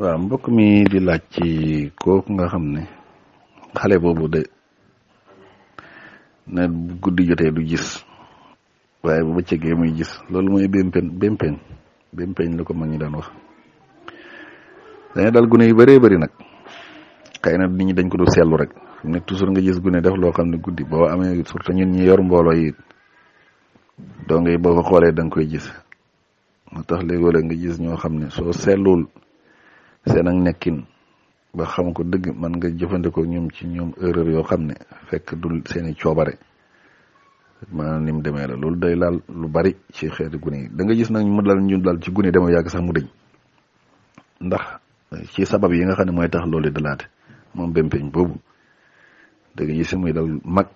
waaw mbokk mi di laaj ci kooku nga xam ne xale boobu de na guddi jotee du gis waaye bu bëccëgee muy gis loolu mooy bempeñ bempeñ bempeñ la ko mag ñi daan wax dañu dal gune yu bëree bari nag xëy na nit ñi dañ ko du selu rek xam ne toujours nga gis gune def loo xam ne guddi boo amee surtout ñun ñi yor mbooloo yi doo ngay boo ko xoolee da koy gis moo tax léegoo la nga gis ñoo xam ne soo seetlul seen ak nekkin ba xam ko dëgg man nga jëfandikoo ñoom ci ñoom erreur yoo xam ne fekk du seeni coobare maanaam ni mu demee la loolu day laal lu bari ci xeeti gune danga gis nag mu dal ñu dal ci gune dama yàgg sax mu dëñ ndax ci sabab yi nga xam ne mooy tax loolu dalaate moom bempeñ boobu da nga gis muy dal mag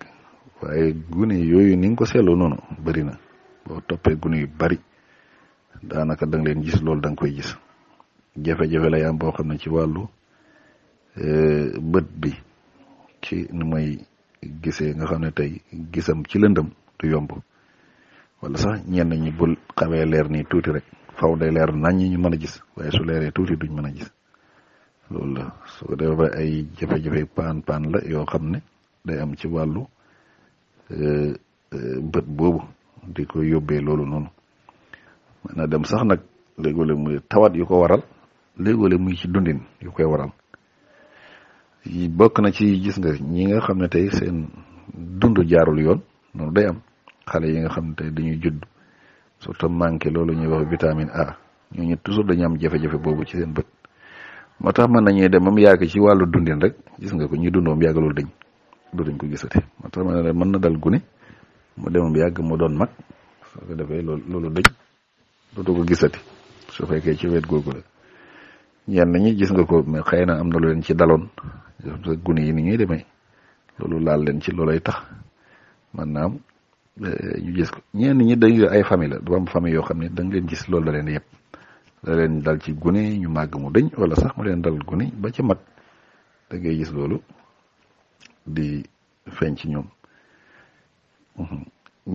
waaye gune yooyu ni nga ko seetloo noonu bëri na boo toppee gune yu bari daanaka da leen gis loolu danga koy gis jafe-jafe lay boo xam ne ci wàllu euh, bët bi ci nu may gise nga xam ne tey gisam ci lëndëm du yomb wala sax ñenn ñi bul xawee leer nii tuuti rek faw day leer nañ ñu mën a gis waaye su leeree tuuti duñ mën a gis loolu la su ko defee ay jafe-jafe paan paan la yoo xam ne day am ci wàllu euh, euh, bët boobu di ko yóbbee loolu noonu mën na dem sax nag léegoo-léeg muy tawat yu ko waral léegoo mu ngi ci dundin yu koy waral bokk na ci gis nga ñi nga xam ne tey seen dund jaarul yoon noonu day am xale yi nga xam ne tey dañuy judd surtout manqué loolu ñuy wax vitamine A ñooñu toujours dañuy am jafe-jafe boobu ci seen bët moo tax man nañuy dem am yàgg ci wàllu dundin rek gis nga ko ñuy dundoom yàgg loolu dañ duñ ko gisati moo tax mën na mën na dal gune mu yàgg mu doon mag soo ko loolu loolu ko gisati su fekkee ci wet googu la ñenn ñi gis nga ko mais xëy na am na lu leen ci daloon gune yi ni ñuy demee loolu laal leen ci loolay tax man naam eh, ñu gis ko ñi dañuy ay famille la am famille yoo xam ne da leen gis loolu la yëpp leen dal ci gune ñu màgg mu dëñ wala sax mu leen dal gune ba ci mag da gis loolu di ci ñoom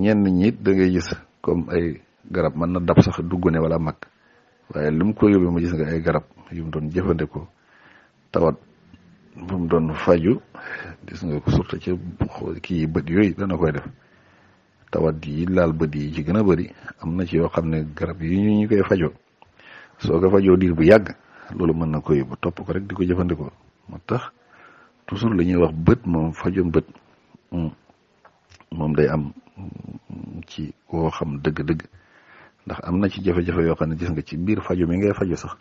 ñenn ñi da ngay gis ay garab mën na dab sax du gune wala mag waaye lu mu ko yóbbee ma gis nga ay garab yu mu doon jëfandikoo tawat bu mu doon faju gis nga ko surtout ci kii bët yooyu dana koy def tawat yi laal bët yi ci gën a bëri am na ci yoo xam ne garab yi ñu ñu koy fajoo soo ko fajoo diir bu yàgg loolu mën na ko yóbbu topp ko rek di ko jëfandikoo moo tax toujours la ñuy wax bët moom fajoom bët mm, moom day am ci koo xam dëgg-dëgg ndax am na ci jafe-jafe yoo xam ne gis nga ci biir faju mi ngay faju sax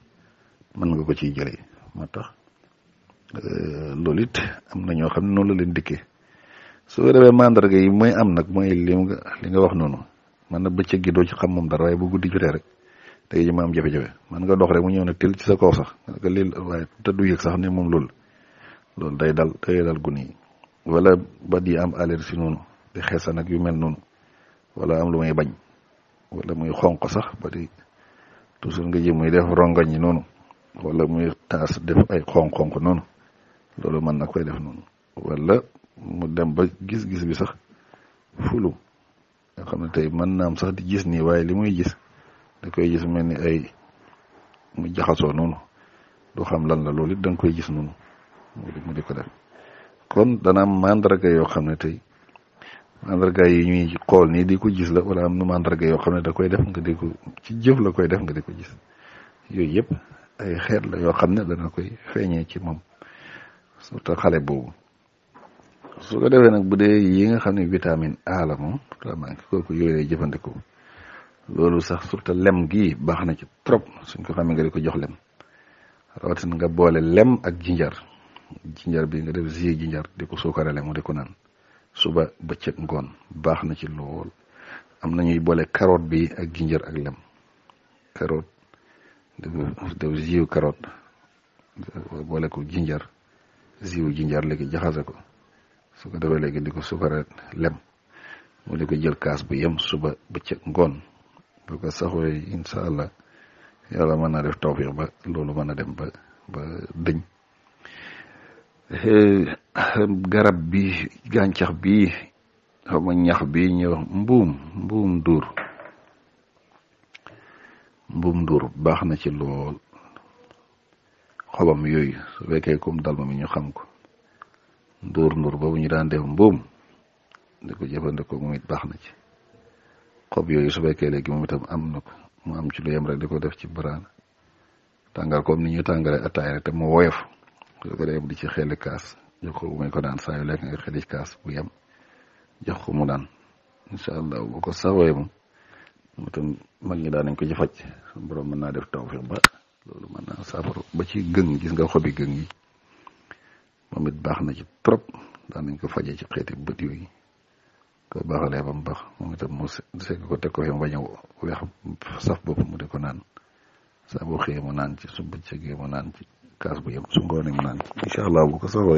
man nga ko ciy jëlee moo tax euh, loolu it am na ñoo xam ne noonu la leen dikkee su ko defee mandarga yi mooy am nag mooy li nga li nga wax noonu man na ba gi doo ci xam moom dara waaye bu guddi jotee rek tey ji ma am jafe-jafe man nga dox rek mu ñëw nag til ci sa kaw sax nga ko lii waaye te du yëg sax ne moom loolu loolu day dal day dal gun yi wala bat yi am allergie noonu di xeesa nag yu mel noonu wala am lu may bañ. wala muy xonq sax ba di nga ji muy def rongañ noonu wala muy taas def ay xonq-xonq noonu loolu mën na koy def noonu wala mu dem ba gis-gis bi sax fulu nga xam ne tey mën naam sax di gis nii waaye li muy gis da koy gis mel ni ay mu jaxasoo noonu du xam lan la loolu it da koy gis noonu mu di ko def kon dana am mandarga yoo xam ne tey mandarga yi ñuy xool nii di ko gis la wala am na mandarga yoo xam ne da koy def nga di ko ci jëf la koy def nga di ko gis yooyu yëpp ay xeet la yoo xam ne dana koy feeñee ci moom surtout xale boobu su ko nag bu dee yi nga xam ne vitamine A la moom manqué kooku jëfandikoo loolu sax surtout lem gi baax na ci trop suñ ko xamee nga di ko jox lem rawatina nga boole lem ak jinjar jinjar bi nga def zi jinjar di ko suukarale mu di ko naan suba bëccëg ngoon baax na ci lool am na ñuy boole karoot bi ak jinjër ak lem carotte def jiw carotte boole ko jinjër jiw jinjër léegi jaxase ko su ko defee léegi di ko sukara lem mu ko jël kaas bu yem suba bëccëg ngoon bu ko saxooy incha allah yàlla mën naa def tawfiq ba loolu mën a dem ba ba dëñ Euh, garab bi gàncax bi xaw ma ñax bi ñuy wax mbuum mbuum nduur mbuum nduur baax na ci lool xobam yooyu su fekkee kom dalma mi ñu xam ko nduur nduur boobu ñu daan def mbuum di ko jëfandikoo moom it baax na ci xob yooyu su fekkee léegi moom itam am na ko mu am ci lu yem rek di ko def ci baraan tàngal comme ni ñuy tàngalee ataay rek te mu woyof bu ko dee di ci xeli kaas jox ko may ko daan saa yu lekk nga xeli kaas bu yem jox ko mu daan insha allah bu ko sawee moom mutum mag ñi daan nañ ko ci faj borom mën naa def tawfiq ba loolu mën naa saabaru ba ci gëng gis nga xobi gëng yi moom baax na ci trop daan nañ ko fajee ci xeeti bët yooyu ko baaxalee ba mu baax moom itam mu segg ko teg ko fi mu bañ a weex saf bopp mu di ko naan saa boo xëyee mu naan ci mu naan ci kaas bu yem su ngoonee mu naan allah bu ko